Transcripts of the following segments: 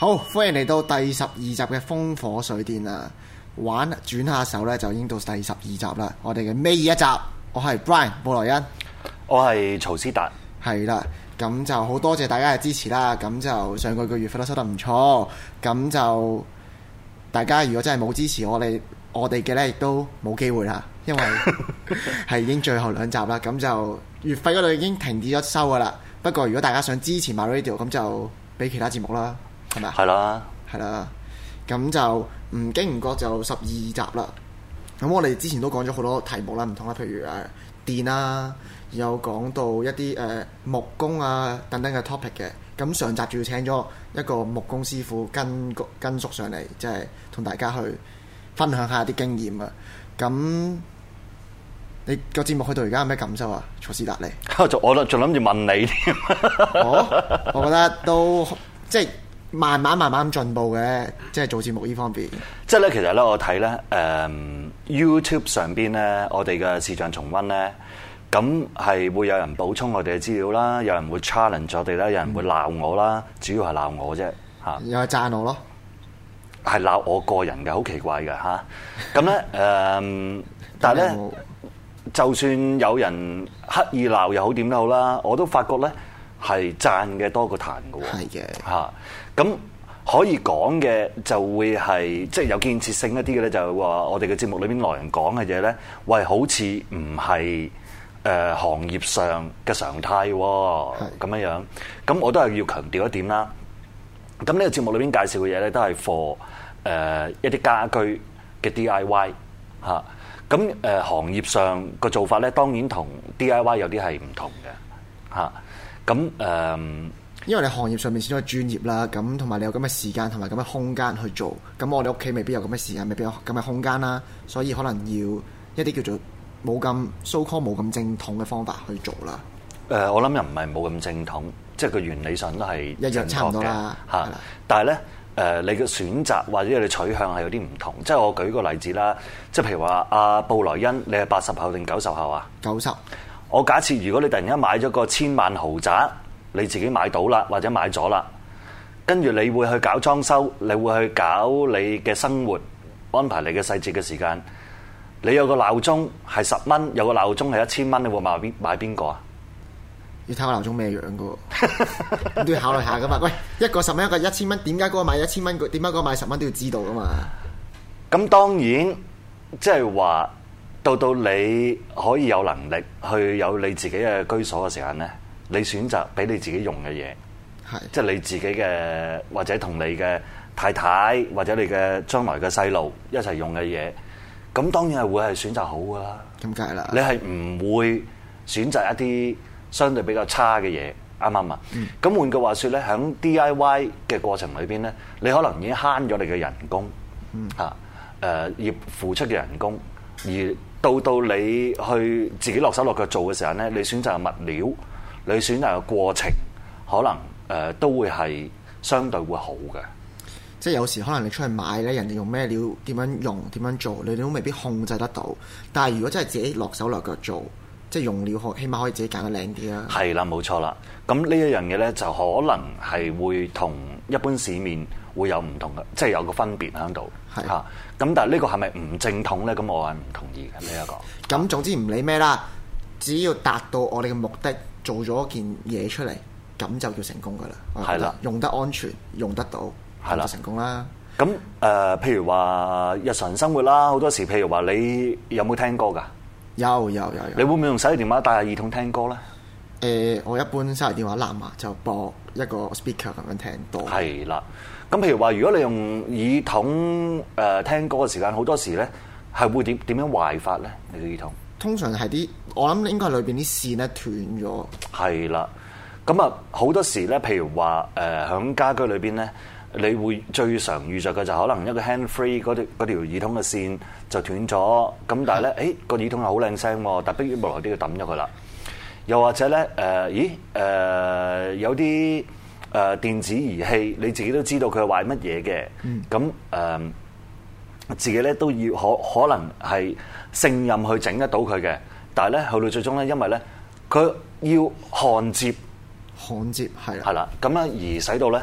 好，歡迎嚟到第十二集嘅《風火水電》啊！玩轉下手咧，就已經到第十二集啦。我哋嘅尾一集，我係 Brian 布萊恩，我係曹撕達，係啦。咁就好多謝大家嘅支持啦。咁就上個月嘅月費都收得唔錯。咁就大家如果真係冇支持我哋，我哋嘅咧亦都冇機會啦，因為係已經最後兩集啦。咁就月費嗰度已經停止咗收噶啦。不過如果大家想支持 MyRadio，咁就俾其他節目啦。係咪？啊？係啦，係啦吧，咁就唔經唔覺就十二集啦。咁我哋之前都講咗好多題目啦，唔同啦，譬如誒電啦、啊、有講到一啲誒、呃、木工啊等等嘅 topic 嘅。咁上集仲要請咗一個木工師傅跟跟叔上嚟，即係同大家去分享一下啲經驗啊。咁你個節目去到而家有咩感受啊？曹撕達你，我仲我仲諗住問你添。我我覺得都即係。慢慢慢慢咁進步嘅，即係做節目呢方面。即係咧，其實咧，我睇咧，誒 YouTube 上邊咧，我哋嘅視像重温咧，咁係會有人補充我哋嘅資料啦，有人會 challenge 我哋啦，有人會鬧我啦，嗯、主要係鬧我啫，嚇。又係讚我咯？係鬧我個人嘅，好奇怪嘅嚇。咁咧， 誒、嗯， 但係咧，有有就算有人刻意鬧又好點都好啦，我都發覺咧係讚嘅多過彈嘅喎。係嘅的，嚇、啊。咁可以講嘅就會係即係有建設性一啲嘅咧，就係話我哋嘅節目裏邊來人講嘅嘢咧，喂，好似唔係誒行業上嘅常態喎，咁樣樣。咁我都係要強調一點啦。咁呢個節目裏邊介紹嘅嘢咧，都係 for 誒一啲家居嘅 DIY 嚇。咁誒行業上個做法咧，當然同 DIY 有啲係唔同嘅嚇。咁誒。因為你行業上面先咁嘅專業啦，咁同埋你有咁嘅時間同埋咁嘅空間去做，咁我哋屋企未必有咁嘅時間，未必有咁嘅空間啦，所以可能要一啲叫做冇咁 so called 冇咁正統嘅方法去做啦。誒、呃，我諗又唔係冇咁正統，即係個原理上都係一樣差唔多啦嚇。是是的但係咧，誒、呃，你嘅選擇或者你取向係有啲唔同。即、就、係、是、我舉個例子啦，即係譬如話阿、啊、布萊恩，你係八十後定九十後啊？九十。我假設如果你突然間買咗個千萬豪宅。你自己買到啦，或者買咗啦，跟住你會去搞裝修，你會去搞你嘅生活安排，你嘅細節嘅時間。你有個鬧鐘係十蚊，有個鬧鐘係一千蚊，你會買邊買邊個啊？要睇個鬧鐘咩樣㗎，都要考慮下㗎嘛。喂，一個十蚊一個一千蚊，點解嗰個買一千蚊？點解嗰個買十蚊都要知道㗎嘛？咁當然，即係話到到你可以有能力去有你自己嘅居所嘅時間咧。你選擇俾你自己用嘅嘢，係即係你自己嘅或者同你嘅太太或者你嘅將來嘅細路一齊用嘅嘢，咁當然係會係選擇好噶啦。點解啦？你係唔會選擇一啲相對比較差嘅嘢，啱唔啱？咁、嗯、換句話說咧，喺 D I Y 嘅過程裏邊咧，你可能已經慳咗你嘅人工嚇，誒要、嗯呃、付出嘅人工，而到到你去自己落手落腳做嘅時候咧，你選擇物料。嗯你選擇嘅過程可能誒、呃、都會係相對會好嘅，即係有時可能你出去買咧，人哋用咩料點樣用點樣做，你都未必控制得到。但係如果真係自己落手落腳做，即係用料可起碼可以自己揀得靚啲啦。係啦，冇錯啦。咁呢一樣嘢咧，就可能係會同一般市面會有唔同嘅，即係有個分別喺度嚇。咁係、啊、但係呢個係咪唔正統咧？咁我係唔同意嘅呢一個。咁、嗯、總之唔理咩啦，只要達到我哋嘅目的。做咗件嘢出嚟，咁就叫成功噶啦。係啦，是的 用得安全，用得到，係啦，就成功啦。咁誒、呃，譬如話日常生活啦，好多時譬如話，你有冇聽歌噶？有有有。有你會唔會用手機電話戴下耳筒聽歌咧？誒、呃，我一般手機電話藍牙，就播一個 speaker 咁樣聽到。係啦。咁譬如話，如果你用耳筒誒聽歌嘅時間，好多時咧係會點點樣,樣壞法咧？你嘅耳筒通常係啲。我諗應該係裏邊啲線咧斷咗。係啦，咁啊好多時咧，譬如話誒響家居裏邊咧，你會最常遇着嘅就可能一個 handfree 嗰條條耳筒嘅線就斷咗。咁但係咧，誒是的、哎，那個耳筒係好靚聲，但係逼於無奈都要抌咗佢啦。又或者咧，誒、呃，咦、呃，誒有啲誒電子儀器，你自己都知道佢係壞乜嘢嘅，咁誒、嗯呃、自己咧都要可可能係勝任去整得到佢嘅。但係咧，後嚟最終咧，因為咧佢要焊接，焊接係啦，咁樣而使到咧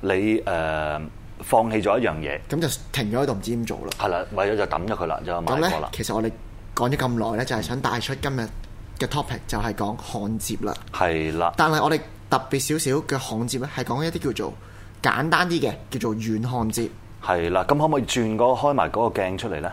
你誒、呃、放棄咗一件事樣嘢，咁就停咗喺度唔知點做啦。係啦，為咗就抌咗佢啦，的就買過啦。咁咧，其實我哋講咗咁耐咧，就係、是、想帶出今日嘅 topic，就係講焊接啦。係啦。但係我哋特別少少嘅焊接咧，係講一啲叫做簡單啲嘅，叫做軟焊接是的。係啦，咁可唔可以轉個開埋嗰個鏡出嚟咧？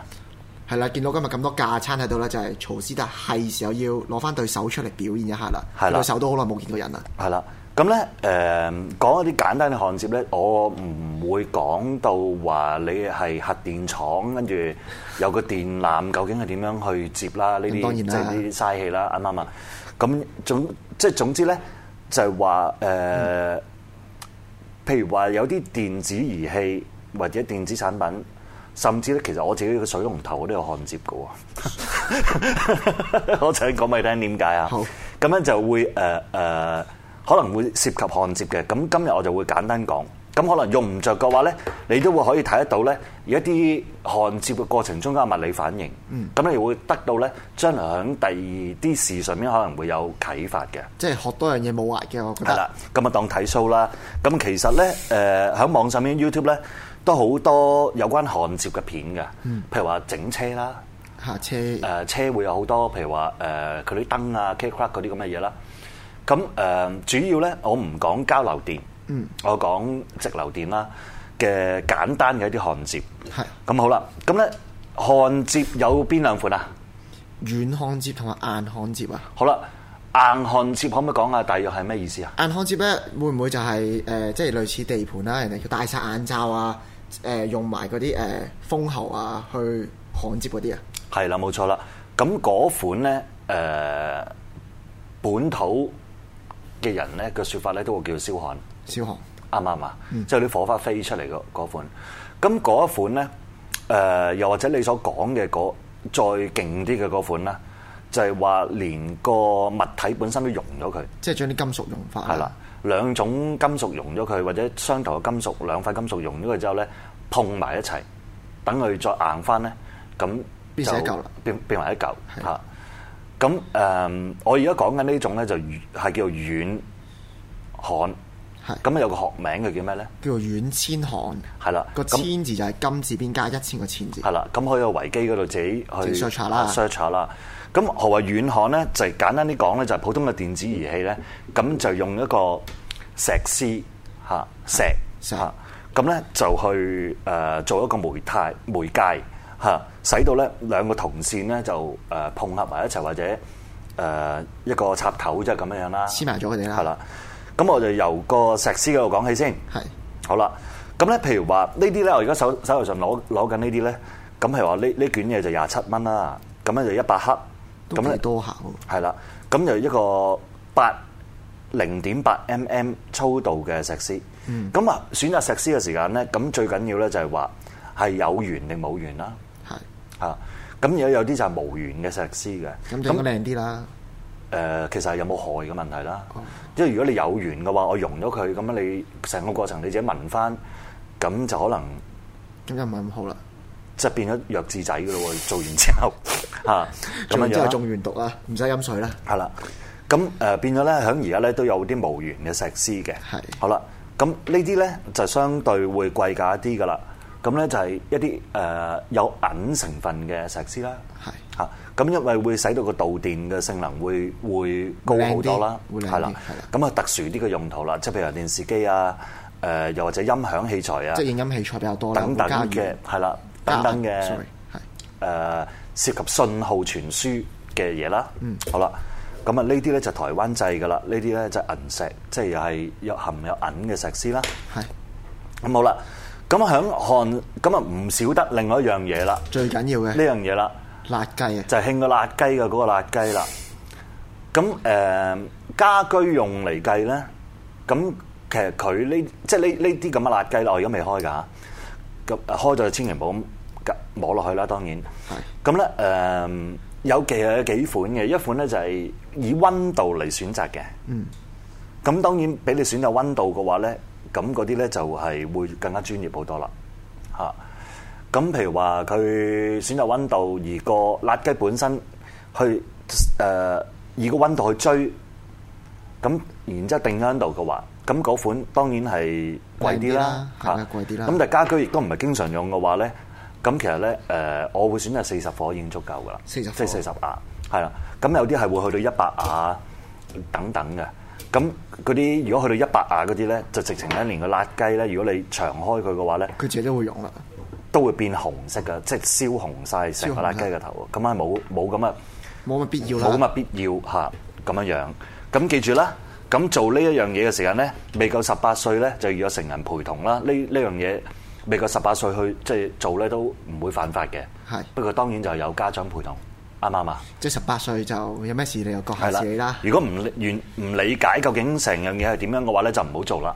係啦，見到今日咁多架撐喺度咧，就係、是、曹撕達，係時候要攞翻對手出嚟表演一下啦。對了 手都好耐冇見過人啦。係啦，咁咧誒講一啲簡單嘅焊接咧，我唔會講到話你係核電廠跟住有個電纜究竟係點樣去接啦？當然呢啲即係呢啲嘥氣啦，啱唔啱啊？咁總即係總之咧，就係、是、話、呃、譬如話有啲電子儀器或者電子產品。甚至咧，其實我自己個水龍頭都有焊接嘅喎，我想講俾你聽點解啊？好，咁樣就會誒誒、呃呃，可能會涉及焊接嘅。咁今日我就會簡單講，咁可能用唔着嘅話咧，你都會可以睇得到咧，而一啲焊接嘅過程中間物理反應，咁、嗯、你會得到咧，將來喺第二啲事上面可能會有啟發嘅。即係學多樣嘢冇壞嘅，我覺得。係啦，今日當睇 show 啦。咁其實咧，誒、呃、喺網上面 YouTube 咧。都好多有關焊接嘅片㗎，譬如話整車啦，嚇、嗯、車，誒、呃、車會有好多，譬如話誒佢啲燈啊、circuit 嗰啲咁嘅嘢啦。咁、呃、誒主要咧，我唔講交流電，嗯、我講直流電啦嘅簡單嘅一啲焊接。係是。咁好啦，咁咧焊接有邊兩款啊？軟焊接同埋硬焊接啊。好啦，硬焊接可唔可以講啊？大約係咩意思啊？硬焊接會唔會就係、是、誒、呃、即係類似地盤啦、啊？人哋要戴晒眼罩啊？用埋嗰啲誒風喉啊，去焊接嗰啲啊，係啦，冇錯啦。咁嗰款咧，誒本土嘅人咧嘅說法咧，都會叫燒焊。燒焊，啱啱嘛，即係啲火花飛出嚟嘅嗰款。咁嗰一款咧、呃，又或者你所講嘅嗰再勁啲嘅嗰款啦。就係話連個物體本身都融咗佢，即係將啲金屬融化。係啦，兩種金屬融咗佢，或者雙頭嘅金屬兩塊金屬融咗佢之後咧，碰埋一齊，等佢再硬翻咧，咁變成一嚿啦的，變變一嚿嚇。咁誒、呃，我而家講緊呢種咧，就係、是、叫軟焊。係咁啊，有個學名佢叫咩咧？叫做軟釺焊。係啦，個釺字就係金字邊加一千個千字。係啦，咁可以喺維基嗰度自己去 search 啦，search 啦。咁何為軟焊咧？就係簡單啲講咧，就係、是、普通嘅電子儀器咧，咁就用一個錫絲石咁咧石就去、呃、做一個媒態媒介吓使、啊、到咧兩個銅線咧就碰合埋一齊，或者、呃、一個插頭即係咁樣樣啦，黐埋咗佢哋啦。係啦，咁我就由個錫絲嗰度講起先。是好啦，咁咧譬如話呢啲咧，我而家手手頭上攞攞緊呢啲咧，咁譬如話呢呢卷嘢就廿七蚊啦，咁樣就一百克。咁你多下喎。係啦，咁就一個八零點八 mm 粗度嘅錫絲。咁啊、嗯、選擇錫絲嘅時間咧，咁最緊要咧就係話係有鉛定冇鉛啦，係咁是的 有有啲就係無鉛嘅錫絲嘅，咁靚啲啦，誒、呃，其實係有冇害嘅問題啦，因為如果你有鉛嘅話，我融咗佢，咁樣你成個過程你自己聞翻，咁就可能，咁就唔係咁好啦，就變咗弱智仔噶咯喎，做完之後。 咁最即係中完毒啦，唔使飲水啦。係啦，咁誒變咗咧，喺而家咧都有啲無鉛嘅錫絲嘅。係的。好啦，咁呢啲咧就相對會貴價一啲噶啦。咁咧就係、是、一啲誒、呃、有銀成分嘅錫絲啦。係的。嚇，咁因為會使到個導電嘅性能會會高好多啦。靚啲。係啦。係啦。咁啊，特殊啲嘅用途啦，即係譬如話電視機啊，誒、呃、又或者音響器材啊。即係影音器材比較多啦。等等嘅。係啦。等等嘅。啊 sorry, 呃涉及信號傳輸嘅嘢啦，嗯、好啦，咁啊呢啲咧就台灣製噶啦，呢啲咧就是銀石，即係又係又含有銀嘅石絲啦。係咁是的 好啦，咁響漢咁啊唔少得另外一樣嘢啦，最緊要嘅呢樣嘢啦，辣雞就係興個辣雞嘅嗰個辣雞啦。咁誒、呃、家居用嚟計咧，咁其實佢呢即係呢呢啲咁嘅辣雞，我而家未開噶，咁開咗就千祈唔好。摸落去啦，當然係咁咧。誒是，有其實有幾款嘅，一款咧就係以温度嚟選擇嘅。嗯，咁當然俾你選擇温度嘅話咧，咁嗰啲咧就係會更加專業好多啦。吓，咁譬如話佢選擇温度而個辣雞本身去誒、呃、以個温度去追，咁然之後定喺度嘅話，咁嗰款當然係貴啲啦。吓，貴啲啦。咁但係家居亦都唔係經常用嘅話咧。咁其實咧，誒，我會選擇四十火已經足夠噶啦，即係四十瓦，係啦。咁有啲係會去到一百瓦等等嘅。咁嗰啲如果去到一百瓦嗰啲咧，就直情咧連個辣雞咧，如果你長開佢嘅話咧，佢自己都會用啦，都會變紅色噶，即係燒紅晒成個辣雞嘅頭。咁啊冇冇咁嘅，冇乜必要啦，冇乜必要嚇咁樣樣。咁記住啦，咁做這件事的呢一樣嘢嘅時間咧，未夠十八歲咧，就要有成人陪同啦。呢呢樣嘢。未夠十八歲去即係做咧，都唔會犯法嘅。係是的 不過當然就有家長陪同，啱唔啱啊？即係十八歲就有咩事，你又顧下自己啦。如果唔理完唔理解究竟成樣嘢係點樣嘅話咧，就唔好做啦。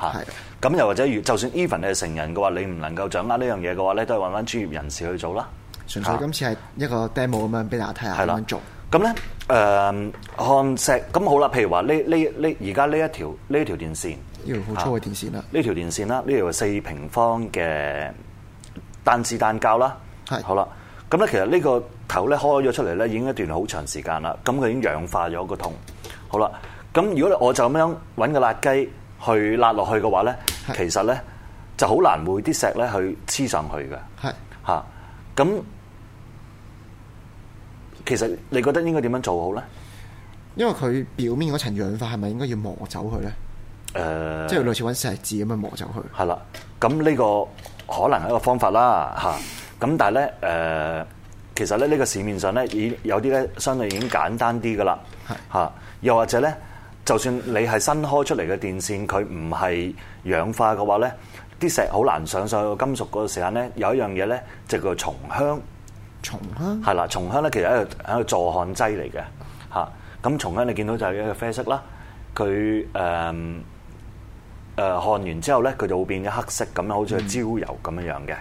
嚇！咁又或者，如就算 even 你係成人嘅話，你唔能夠掌握呢樣嘢嘅話咧，都係揾翻專業人士去做啦。純粹今次係一個 demo 咁樣俾大家睇下，是的 點樣做。咁咧，誒、呃，焊錫咁好啦。譬如話，呢呢呢，而家呢一條呢條電線，呢條好粗嘅電線啦，呢、啊、條電線啦，呢條四平方嘅彈子彈膠啦，是 好啦。咁咧，其實呢個頭咧開咗出嚟咧，已經一段好長時間啦。咁佢已經氧化咗個銅。好啦。咁如果我就咁樣揾個焫雞去焫落去嘅話咧，是 其實咧就好難會啲錫咧去黐上去嘅，咁是、啊。其實你覺得應該點樣做好咧？因為佢表面嗰層氧化係咪應該要磨走佢咧？誒、呃，即係類似揾石字咁樣磨走佢。係啦，咁呢個可能係一個方法啦，嚇。咁但係咧，誒、呃，其實咧呢個市面上咧，已有啲咧相對已經簡單啲噶啦，嚇係。又或者咧，就算你係新開出嚟嘅電線，佢唔係氧化嘅話咧，啲錫好難上上到金屬嗰個時間咧，有一樣嘢咧，就叫做松香。松香係啦，松香咧，其實係一個，一個助焊劑嚟嘅。吓、嗯、咁松香你見到就係一個啡色啦，佢誒誒焊完之後咧，佢就會變咗黑色，咁樣好似個焦油咁樣樣嘅。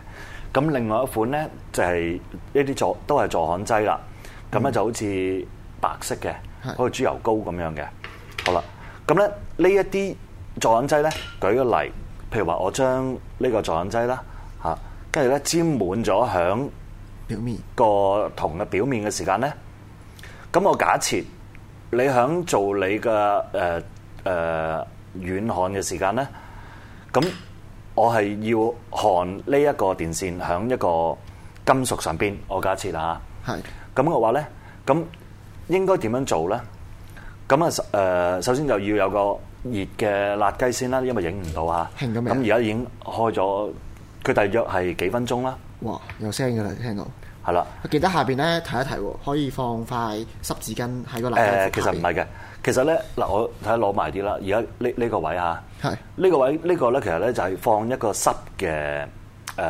咁、嗯、另外一款咧就係呢啲助都係助焊劑啦，咁咧、嗯、就好似白色嘅，好似豬油膏咁樣嘅。是的 好啦，咁咧呢一啲助焊劑咧，舉個例，譬如話我將呢個助焊劑啦，吓，跟住咧沾滿咗響。表面個銅嘅表面嘅時間咧，咁我假設你響做你嘅誒誒軟焊嘅時間咧，咁我係要焊呢一個電線響一個金屬上邊。我假設啦嚇。係是的。咁嘅話咧，咁應該點樣做咧？咁啊、呃、首先就要有個熱嘅辣雞先啦，因為影唔到嚇。停咗未？咁而家已經開咗，佢大約係幾分鐘啦。哇，有聲噶啦，聽到係啦。的記得下邊咧，睇一睇，可以放塊濕紙巾喺個垃圾桶入邊誒，其實唔係嘅，其實咧嗱，我睇下攞埋啲啦。而家呢呢個位吓，係呢是的 個位呢，呢個咧，其實咧就係放一個濕嘅誒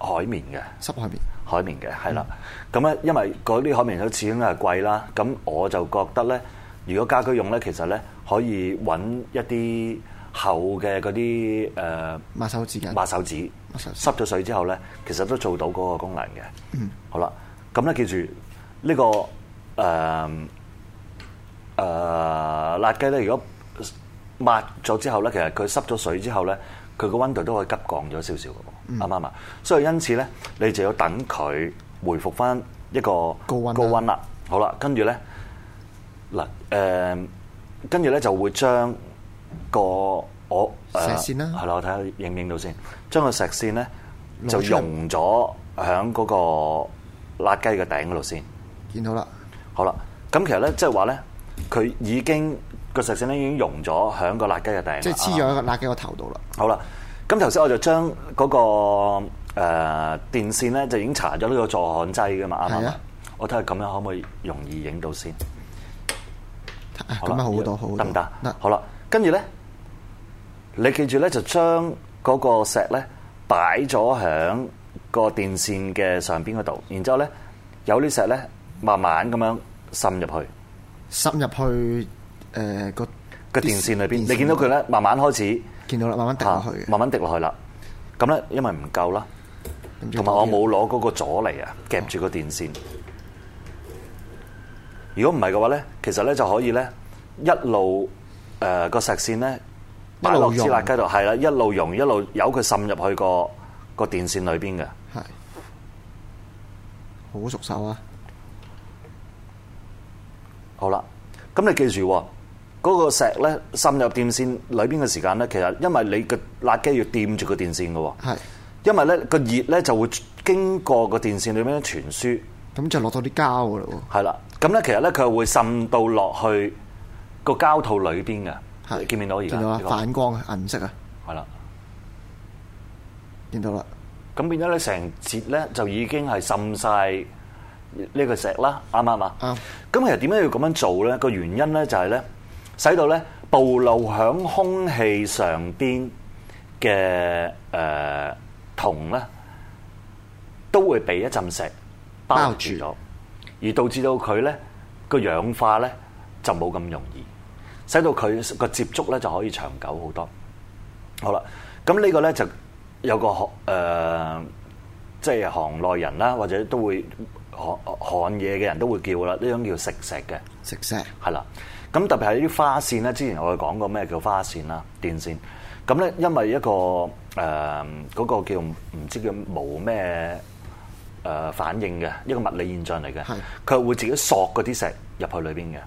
海綿嘅濕海綿海綿嘅係啦。咁咧，嗯、因為嗰啲海綿都始終係貴啦，咁我就覺得咧，如果家居用咧，其實咧可以揾一啲。厚嘅嗰啲誒抹手指嘅抹手指，濕咗水之後咧，其實都做到嗰個功能嘅。嗯，好了，好啦，咁咧記住呢、這個誒誒、呃呃、辣雞咧，如果抹咗之後咧，其實佢濕咗水之後咧，佢個溫度都可以急降咗少少嘅，啱唔啱啊？所以因此咧，你就要等佢回復返一個高溫高溫啦。好啦，跟住咧嗱誒，跟住咧就會將那個我誒錫線啊、係啦，我睇下影唔影到先。將、呃、個錫線咧、啊、就融咗喺嗰個辣雞嘅頂嗰度先。見到啦，好啦。咁其實咧，即係話咧，佢已經個錫線咧已經融咗喺個辣雞嘅頂，即係黐咗喺個辣雞個頭度啦。嗯嗯、好啦，咁頭先我就將嗰、那個誒、呃、電線咧就已經搽咗呢個助焊劑㗎嘛，啱唔啱？啊、我睇下咁樣可唔可以容易影到先。咁啊好，了這樣好多要好多，得唔得？得行，好啦。跟住咧，你記住咧，就將嗰個錫咧擺咗喺個電線嘅上邊嗰度，然之後咧，有啲錫咧慢慢咁樣滲，滲入去，滲入去誒個個電線裏邊。你見到佢咧，慢慢開始，見到啦，慢慢滴落去，啊，慢慢滴落去啦。咁咧，因為唔夠啦，同埋我冇攞嗰個阻嚟啊，夾住個電線。哦、如果唔係嘅話咧，其實咧就可以咧一路。誒，個、呃、石線咧，擺落支辣雞度，係啦，一路溶一路由佢滲入去個個電線裏邊嘅，係，好熟手啊，好啦，咁你記住，嗰、那個石咧滲入電線裏邊嘅時間咧，其實因為你個辣雞要掂住個電線嘅，係，是的 因為咧個熱咧就會經過個電線裏邊傳輸，咁就落到啲膠噶啦，係啦，咁咧其實咧佢會滲到落去。個膠套裏邊嘅，見唔見到而家？見到啊，反光啊，銀色啊，係啦，見到啦。咁變咗咧，成節咧就已經係滲晒呢個石啦，啱嘛？嘛，咁其實點解要咁樣做咧？個原因咧就係咧，使到咧暴露響空氣上邊嘅誒銅咧，都會被一浸石包住咗，而導致到佢咧個氧化咧。就冇咁容易，使到佢個接觸咧就可以長久好多。好啦，咁呢個咧就有個學，呃，即係行內人啦，或者都會行行嘢嘅人都會叫啦，呢種叫食石嘅食石係啦。咁特別係啲花線咧，之前我哋講過咩叫花線啦，電線咁咧，因為一個嗰、呃嗰個叫唔知叫冇咩、呃、反應嘅一個物理現象嚟嘅，佢是會自己索嗰啲石入去裏面嘅。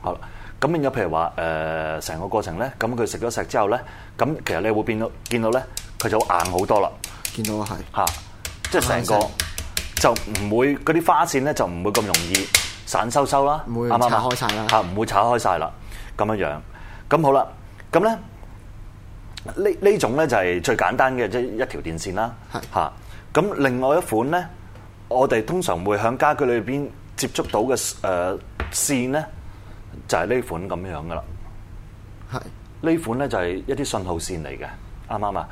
好，咁變咗。譬如話誒，成、呃、個過程咧，咁佢食咗錫之後咧，咁其實你會變到見到咧，佢就硬好多啦。見到係是即係成個就唔會嗰啲花線咧，就唔會咁容易散收收啦，唔會拆開晒啦，唔會拆開曬啦咁樣樣。咁好啦，咁咧呢呢種咧就係最簡單嘅即係一條電線啦咁是 另外一款咧，我哋通常會向家居裏面接觸到嘅、呃、線咧。就係呢款咁樣噶啦，呢是 款咧就係一啲信號線嚟嘅，啱唔啱啊？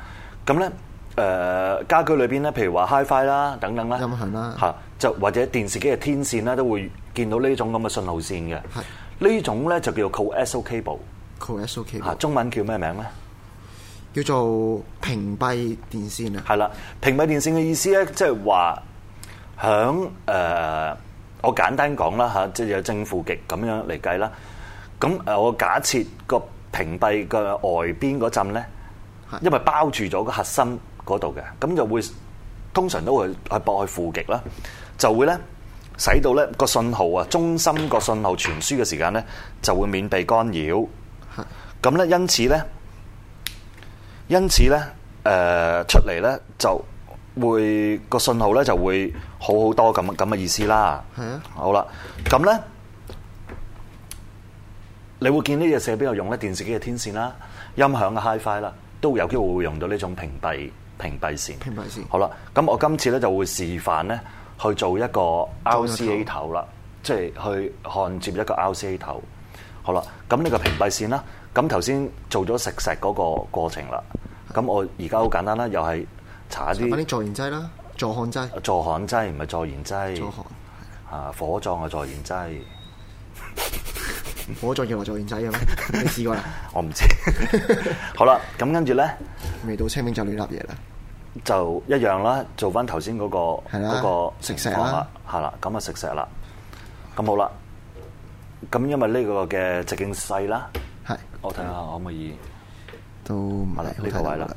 咁咧、呃、家居裏面咧，譬如話 HiFi 啦，Fi、等等啦，啦恒、啊，就或者電視機嘅天線啦，都會見到呢種咁嘅信號線嘅。係呢是 種咧就叫做 coaxial cable，coaxial cable 中文叫咩名咧？叫做屏蔽電線啊。係啦，屏蔽電線嘅意思咧，即係話響我簡單講啦嚇，即係有正負極咁樣嚟計啦。咁我假設個屏蔽嘅外邊嗰陣咧，因為包住咗個核心嗰度嘅，咁就會通常都會去駁去負極啦，就會咧使到咧個信號啊，中心個信號傳輸嘅時間咧就會免被干擾。咁咧，因此咧，因此咧，呃，出嚟咧就。會個信號咧就會好好多咁咁嘅意思啦。係啊 好啦，咁咧你會見社呢啲嘢射邊度用咧？電視機嘅天線啦，音響嘅 Hi-Fi 啦，都有機會會用到呢種屏蔽屏蔽線。屏蔽線。屏蔽線好啦，咁我今次咧就會示範咧去做一個 RCA 頭啦，即係去焊接一個 RCA 頭。好啦，咁呢個屏蔽線啦，咁頭先做咗食錫嗰個過程啦，咁我而家好簡單啦，又係。查啲，買啲助燃劑啦，助焊劑。助焊劑唔係助燃劑。助焊。啊，火葬嘅助燃劑。火葬嘢話助燃劑嘅咩？你試過啦？我唔知。好啦，咁跟住咧，未到清明就亂立嘢啦，就一樣啦，做翻頭先嗰個嗰個食石啦，係啦，咁啊食石啦。咁好啦，咁因為呢個嘅直徑細啦，係。我睇下可唔可以都唔係呢個位啦。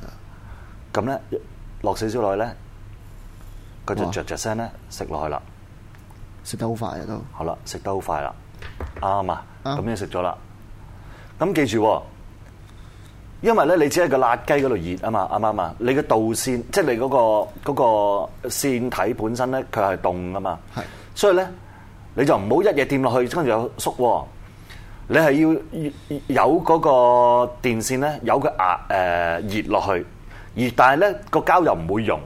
咁咧。落少少落去咧，佢就著著聲咧食落去啦。食得好快啊，都好啦，食得好快啦，啱啊，咁樣食咗啦。咁記住，因為咧你只係個辣雞嗰度熱啊嘛，啱唔啱啊？你嘅導線即係你嗰個嗰個線體本身咧，佢係凍啊嘛，係，是的 所以咧你就唔好一嘢掂落去，跟住有縮。你係要有嗰個電線咧，有個壓誒熱落去。而但係咧，個膠又唔會溶。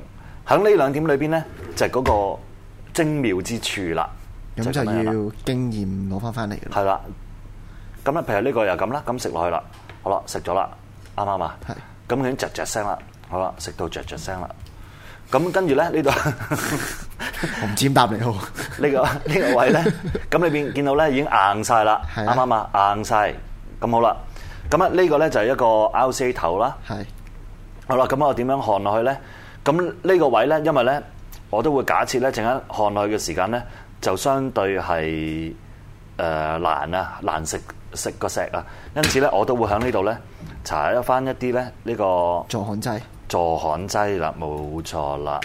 喺呢兩點裏面咧，就係、是、嗰個精妙之處啦。咁、嗯、就，就要經驗攞翻翻嚟嘅。係啦。咁是 呢，譬如、 這個這個、呢個又咁啦，咁食落去啦，好啦，食咗啦，啱唔啱啊？係。咁已經嚼嚼聲啦，好啦，食到嚼嚼聲啦。咁跟住咧，呢度我尖答你喎。呢個呢個位咧，咁裏面見到咧已經硬晒啦，啱唔啱是啊吧？硬晒。咁好啦，咁啊呢個咧就係、是、一個 L C 頭啦。好啦，咁我點樣看落去咧？咁呢個位咧，因為咧我都會假設咧，陣間看落去嘅時間咧就相對係誒、呃、難啊，難食食個石啊，因此咧我都會喺呢度咧查一翻一啲咧呢、呢個助焊劑，助焊劑啦，冇錯啦。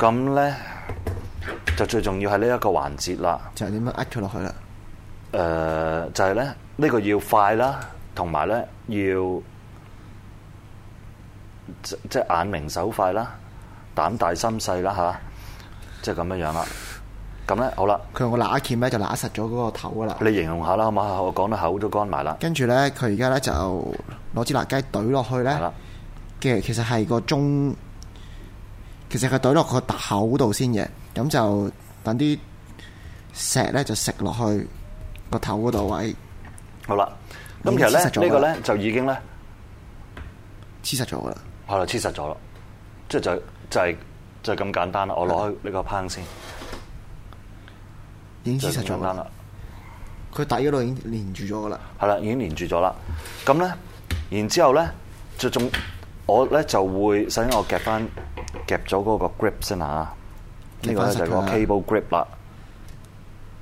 咁咧就最重要係呢一個環節啦、呃，就係點樣壓佢落去啦？誒，就係咧，呢個要快啦，同埋咧要。即即眼明手快啦，膽大心細啦吓，即係咁樣樣啦。咁咧好啦，佢用個乸鉗咧就乸實咗嗰個頭噶啦。你形容下啦，好嘛？我講到口都乾埋啦。跟住咧，佢而家咧就攞支辣雞懟落去咧嘅，其實係個中，其實佢懟落個口度先嘅。咁就等啲石咧就食落去個頭嗰度位。好啦，咁其實咧呢個咧就已經咧黐實咗噶啦。係啦，黐實咗咯，即係就就係就係咁簡單啦。的我攞開呢個棒先，已經黐實咗單啦。佢底嗰度已經連住咗噶啦。係啦，已經連住咗啦。咁咧，然之後咧，就仲我咧就會首先我夾翻夾咗嗰個 grip 先吓，呢個就係個 cable grip 啦。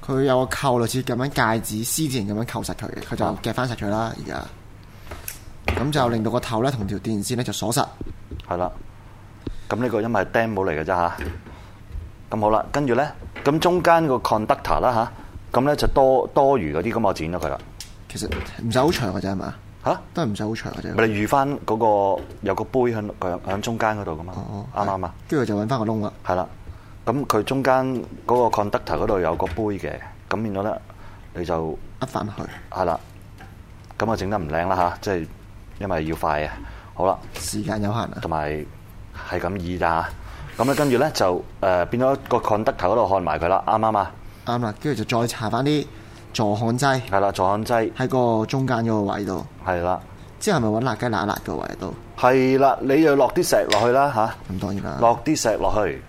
佢有個扣類似咁樣戒指，C 字形咁樣扣實佢，佢就夾翻實佢啦。而家、啊。咁就令到個頭咧同條電線咧就鎖實，係啦。咁呢個因為 m 帽嚟嘅啫吓。咁、啊、好啦，跟住咧，咁中間個 conductor 啦、啊、吓，咁咧就多多餘嗰啲咁，我剪咗佢啦。其實唔使好長嘅啫嘛。吓，啊、都係唔使好長嘅啫、我。哋預翻嗰個有個杯喺喺喺中間嗰度噶嘛？哦啱啱啊？跟住就搵翻個窿啦。係啦，咁佢中間嗰個 conductor 嗰度有個杯嘅，咁變咗咧你就一翻去。係啦，咁啊整得唔靚啦吓，即係。因為要快啊，好啦，時間有限啊，同埋係咁易打。咁咧跟住咧就誒變咗個礦得頭嗰度看埋佢啦，啱啱啊？啱啦，跟住就再搽翻啲助焊劑，係啦，助焊劑喺個中間嗰個位度，係啦，之後係咪搵辣雞乸辣個位度？係啦，你又落啲錫落去啦吓，咁當然啦，落啲錫落去，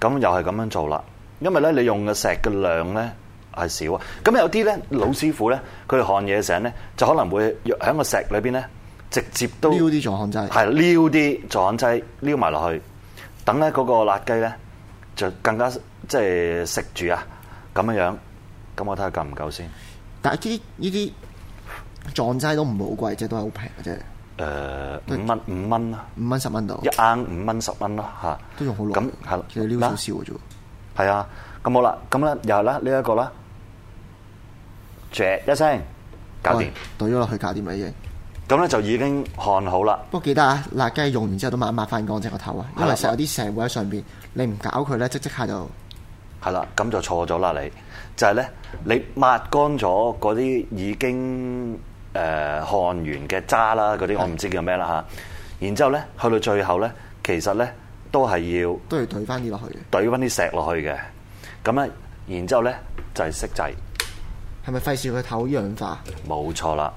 咁又係咁樣做啦，因為咧你用嘅錫嘅量咧。係少，咁有啲咧老師傅咧，佢哋焊嘢成咧，就可能會喺個石裏邊咧，直接都撩啲助焊劑，係撩啲助焊劑撩埋落去，等咧嗰個辣雞咧就更加即係食住啊咁樣樣，咁我睇下夠唔夠先。但係呢啲呢啲撞劑都唔係好貴，即係都係好平嘅啫。誒五蚊五蚊啦，五蚊十蚊度，元元元一硬五蚊十蚊咯，嚇都用好耐。咁係啦，其實撩的少少嘅啫，係啊，咁好啦，咁咧又係啦，呢一個啦。嚼一聲，搞掂，懟咗落去搞啲乜嘢？咁咧就已經焊好啦。不過記得啊，辣雞用完之後都抹一抹翻乾淨個頭啊，的因為有啲石會喺上邊，你唔搞佢咧，即即刻就係啦。咁就錯咗啦，你就係、是、咧，你抹乾咗嗰啲已經誒焊、呃、完嘅渣啦，嗰啲我唔知叫咩啦吓。是的 然之後咧，去到最後咧，其實咧都係要都係懟翻啲落去嘅，懟翻啲石落去嘅。咁咧，然之後咧就係蝕制。係咪費事佢頭氧化？冇錯啦。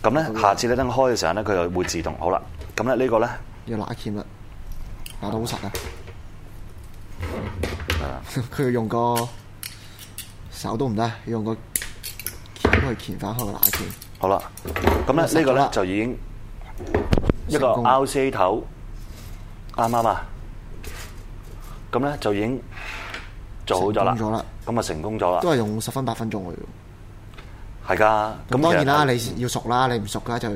咁咧，呢的下次你等開嘅時候咧，佢又會自動好啦。咁咧呢個咧要拿鉗啦，拿得好實噶。係啊，佢用個手都唔得，要用個鉗去鉗翻開個拿鉗。好啦，咁咧呢個咧就已經一個凹西頭，啱啱啊？咁咧就已經做好咗啦。成功咗啦。咁啊，成功咗啦。都係用十分八分鐘嚟嘅。係噶，咁當然啦，實你要熟啦，嗯、你唔熟咧就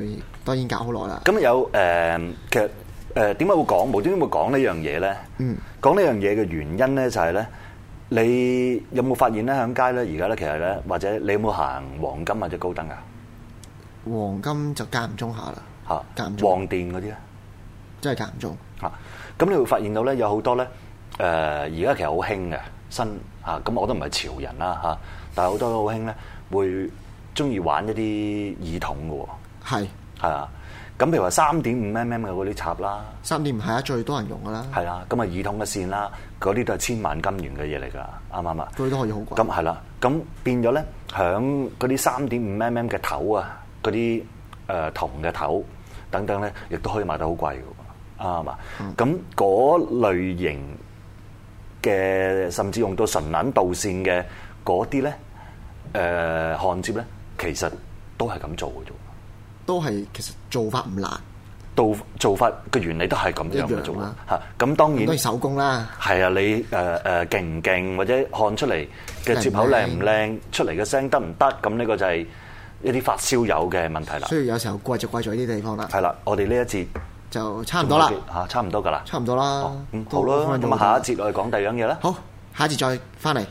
當然搞好耐啦。咁有誒，其實誒點解會講無端端會講呢樣嘢咧？嗯，講呢樣嘢嘅原因咧就係、是、咧，你有冇發現咧喺街咧而家咧其實咧，或者你有冇行黃金或者高登噶？黃金就間唔中下啦，嚇，間唔中。黃電嗰啲咧，真係間唔中。嚇，咁、啊、你會發現到咧有好多咧，誒而家其實好興嘅新嚇，咁、啊、我都唔係潮人啦嚇、啊，但係好多都好興咧會。中意玩一啲耳筒嘅喎，係是，係啊，咁譬如話三點五 mm 嘅嗰啲插啦，三點五係啊，最多人用嘅啦，係啦，咁啊耳筒嘅線啦，嗰啲都係千萬金元嘅嘢嚟㗎，啱唔啱啊？佢都可以好貴。咁係啦，咁變咗咧，響嗰啲三點五 mm 嘅頭啊，嗰啲誒銅嘅頭等等咧，亦都可以賣得好貴嘅，啱嘛？咁嗰、嗯、類型嘅甚至用到純銀導線嘅嗰啲咧，誒、呃、焊接咧。其實都係咁做嘅啫，都係其實做法唔難，做做法嘅原理都係咁樣、樣、啊、做啦。吓、嗯，咁當然都係手工啦。係啊，你誒誒勁唔勁，或者看出嚟嘅接口靚唔靚，出嚟嘅聲得唔得？咁呢個就係一啲發燒友嘅問題啦。所以有時候貴就貴在呢啲地方啦。係啦，我哋呢一節就差唔多啦，吓差唔多噶啦，差唔多啦、哦嗯。好啦，咁啊下一節我哋講第二樣嘢啦。好，下一節再翻嚟。